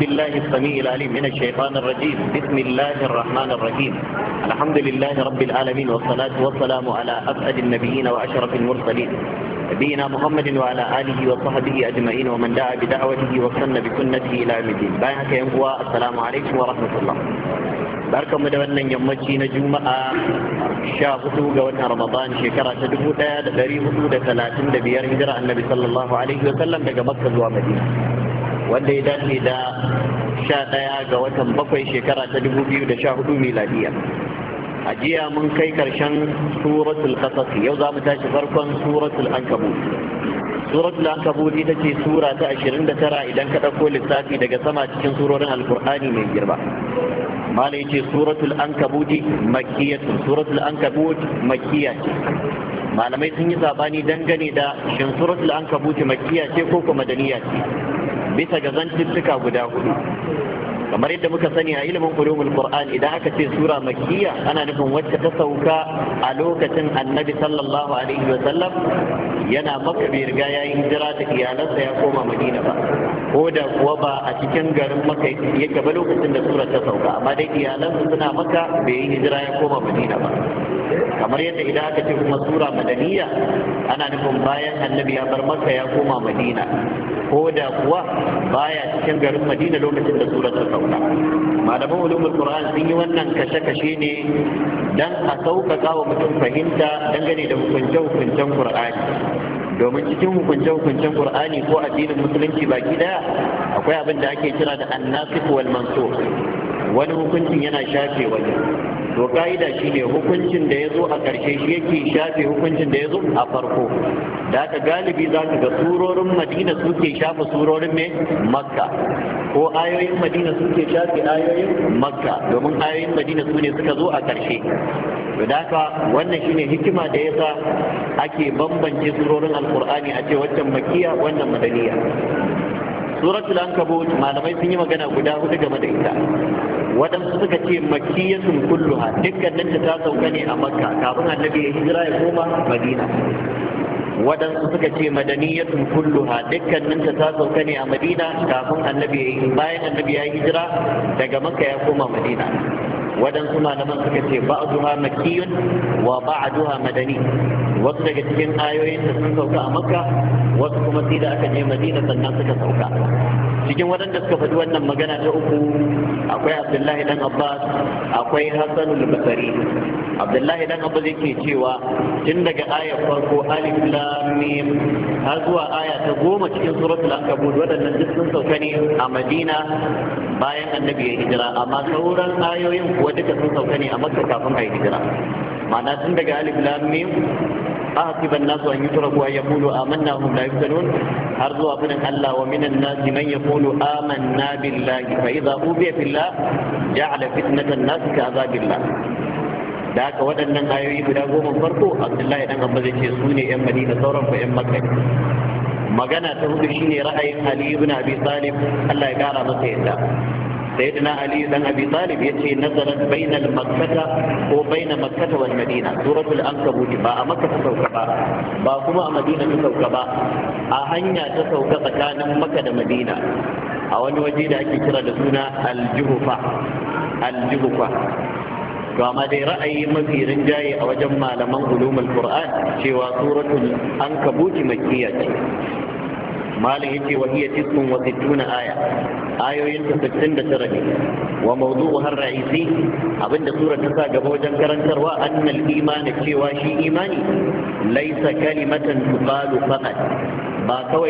بالله السميع العليم من الشيطان الرجيم بسم الله الرحمن الرحيم الحمد لله رب العالمين والصلاة والسلام على أسعد النبيين وأشرف المرسلين نبينا محمد وعلى آله وصحبه أجمعين ومن دعا بدعوته وسن بسنته إلى يوم الدين بارك يا السلام عليكم ورحمة الله بارك الله wannan yammaci na juma'a sha hudu ga watan ramadan shekara ta dubu daya da dari hudu da talatin da biyar hijira annabi sallallahu alaihi wanda ya dace da sha ɗaya ga watan bakwai shekara ta dubu biyu da sha hudu miladiya a jiya mun kai karshen suratul kasas yau za mu tashi farkon suratul ankabut suratul ankabut ita ce sura ta ashirin da tara idan ka ɗauko lissafi daga sama cikin surorin alkur'ani mai girma mala ce suratul ankabuti makkiyatu suratul ankabut makiya ce malamai sun yi sabani dangane da shin suratul ankabuti makiya ce ko kuma daniya ce bisa ga zantuttuka guda hudu kamar yadda muka sani a ilimin ulumul qur'an idan aka ce sura makkiya ana nufin wacce ta sauka a lokacin annabi sallallahu alaihi wa sallam yana maka bai riga ya yi hijira da iyalansa ya koma madina ba ko da kuwa ba a cikin garin maka yake ba lokacin da sura ta sauka amma dai iyalansa suna maka bai yi hijira ya koma madina ba kamar yadda idan aka ce kuma sura madaniya ana nufin bayan annabi ya bar maka ya koma madina ko da kuwa baya cikin garin madina lokacin da sura ta sauka sauka malaman ulumul qur'an sun yi wannan kashe-kashe ne dan a sauƙaƙa wa mutum fahimta dangane da hukunce-hukuncen qur'ani domin cikin hukunce-hukuncen qur'ani ko addinin musulunci baki daya akwai abin da ake kira da annasikh wal mansukh wani hukuncin yana shafe wani to ka'ida ne hukuncin da ya zo a ƙarshe shi yake shafe hukuncin da ya zo a farko da aka galibi za ka ga surorin madina suke shafe surorin mai makka ko ayoyin madina suke shafe ayoyin makka domin ayoyin madina su ne suka zo a ƙarshe da haka wannan shine hikima da yasa ake bambance surorin alkur'ani a ce waccan makiya wannan madaniya suratul ankabut malamai sun yi magana guda hudu game da ita waɗansu suka ce makiyatun kulluha dukkanin ta ta sauka ne a makka kafin annabi ya hijira ya koma madina waɗansu suka ce madaniyatun kulluha dukkanin ta ta sauka ne a madina kafin annabi ya bayan annabi ya hijira daga makka ya koma madina waɗansu malaman suka ce ba zuwa makiyun wa ba a ba'duha madani wasu daga cikin ayoyin da sun sauka a makka wasu kuma sai da aka je madina sannan suka sauka cikin waɗanda suka faɗi wannan magana ta uku akwai abdullahi dan abbas akwai Hassan hasanul basari abdullahi dan abbas yake cewa tun daga ayar farko alif lam mim har zuwa aya ta goma cikin suratul ankabut waɗannan duk sun sauka ne a madina bayan annabi ya hijira amma sauran ayoyin kuwa kuwa duka sun sauka ne a makka kafin a yi hijira ma'ana tun daga alif lam mim أحسب الناس أن يتركوا أن يقولوا آمنا وهم لا يفتنون أرجو أبنا الله ومن الناس من يقول آمنا بالله فإذا أوذي في الله جعل فتنة الناس كعذاب الله da haka waɗannan ayoyi guda goma farko abdullahi dan abba zai ce su ne yan madina sauran fa yan makka magana ta hudu shine ra'ayin ali ibn abi talib Allah ya kara masa yadda sayyidina ali dan abi talib yace nazarat bainal makkata ko baina makkata wal madina suratul ankabut ba a makka ta sauka ba ba kuma a madina ta sauka ba a hanya ta sauka tsakanin makka da madina a wani waje da ake kira da suna aljuhufa aljuhufa to amma dai ra'ayi mafi rinjaye a wajen malaman ulumul qur'an cewa suratul ankabuti makkiya ce malam yace wa hiya tisun wa sittuna aya ayoyin ta 69 ne wa mawdu'u har ra'isi abinda sura ta sa gaba wajen karantarwa annal iman cewa shi imani laysa kalimatan tuqalu faqat ba kawai